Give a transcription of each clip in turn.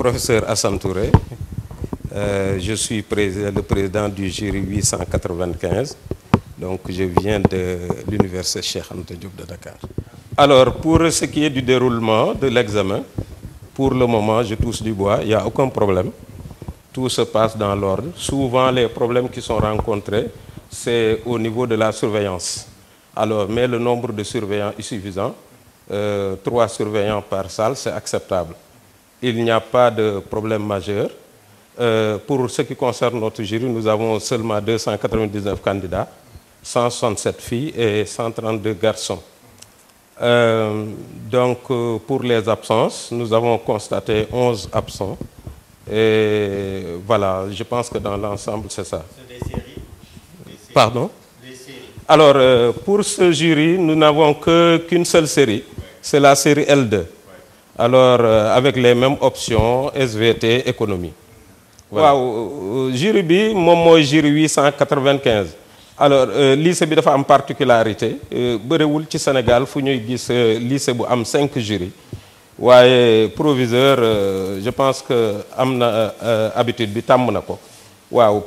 professeur Assam Touré. Euh, je suis le président du jury 895. Donc, je viens de l'université Cheikh Anta de Dakar. Alors, pour ce qui est du déroulement de l'examen, pour le moment, je touche du bois, il n'y a aucun problème. Tout se passe dans l'ordre. Souvent, les problèmes qui sont rencontrés, c'est au niveau de la surveillance. Alors, mais le nombre de surveillants est suffisant. Euh, trois surveillants par salle, c'est acceptable il n'y a pas de problème majeur. Euh, pour ce qui concerne notre jury, nous avons seulement 299 candidats, 167 filles et 132 garçons. Euh, donc, euh, pour les absences, nous avons constaté 11 absents. Et voilà, je pense que dans l'ensemble, c'est ça. C'est des séries. Pardon Alors, pour ce jury, nous n'avons qu'une seule série. C'est la série L2 alors euh, avec les mêmes options SVT économie. waaw euh, jury bi mon jury 895. alors euh, lycée a une particularité bëriwul ci Sénégal fu ñuy gis lycée bu am cinq jurys proviseur je pense que am na habitude bi tàmm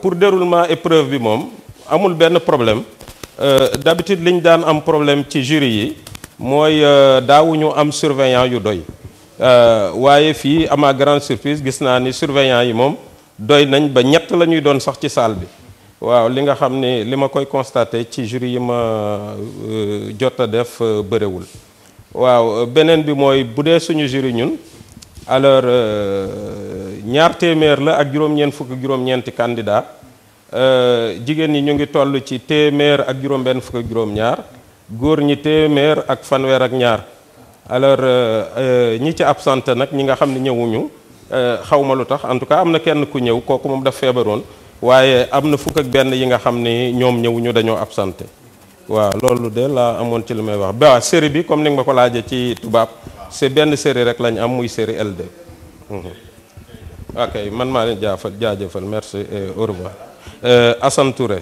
pour déroulement épreuve bi mom amul un problème d'habitude liñ dan am problème ci jury yi mooy un am surveillant yu doy Euh, waaye fii à ma surprise gis naa ni surveillant yi moom doy nañ ba ñett la ñuy doon sax ci salle bi waaw li nga xam ni li ma koy constaté ci juri yi ma euh, jot a def euh, bëriwul waaw beneen bi mooy bu dee suñu jury ñun alors ñaar téeméer la ak juróom-ñeent fukk juróom-ñeenti candidat jigéen ñi ñu ngi toll ci téeméer ak juróom-benn fukk juróom-ñaar góor ñi téeméer ak fanweer ak ñaar alors euh, euh, ñi ci absenté nag ñi nga xam ne ñëwuñu euh, xaw ma lu tax en tout cas am na kenn ku ñëw kooku moom def feebaroon waaye am na fukk ak benn yi nga xam ni ñoom ñëwuñu dañoo absenté waaw loolu de laa amoon ci lu may wax ba série bi comme ni nga ma ko laajee ci tubaab c'est benn série rek lañ am muy série L2 mhm. man maa leen jaafal jaajëfal merci et au revoir Assane Touré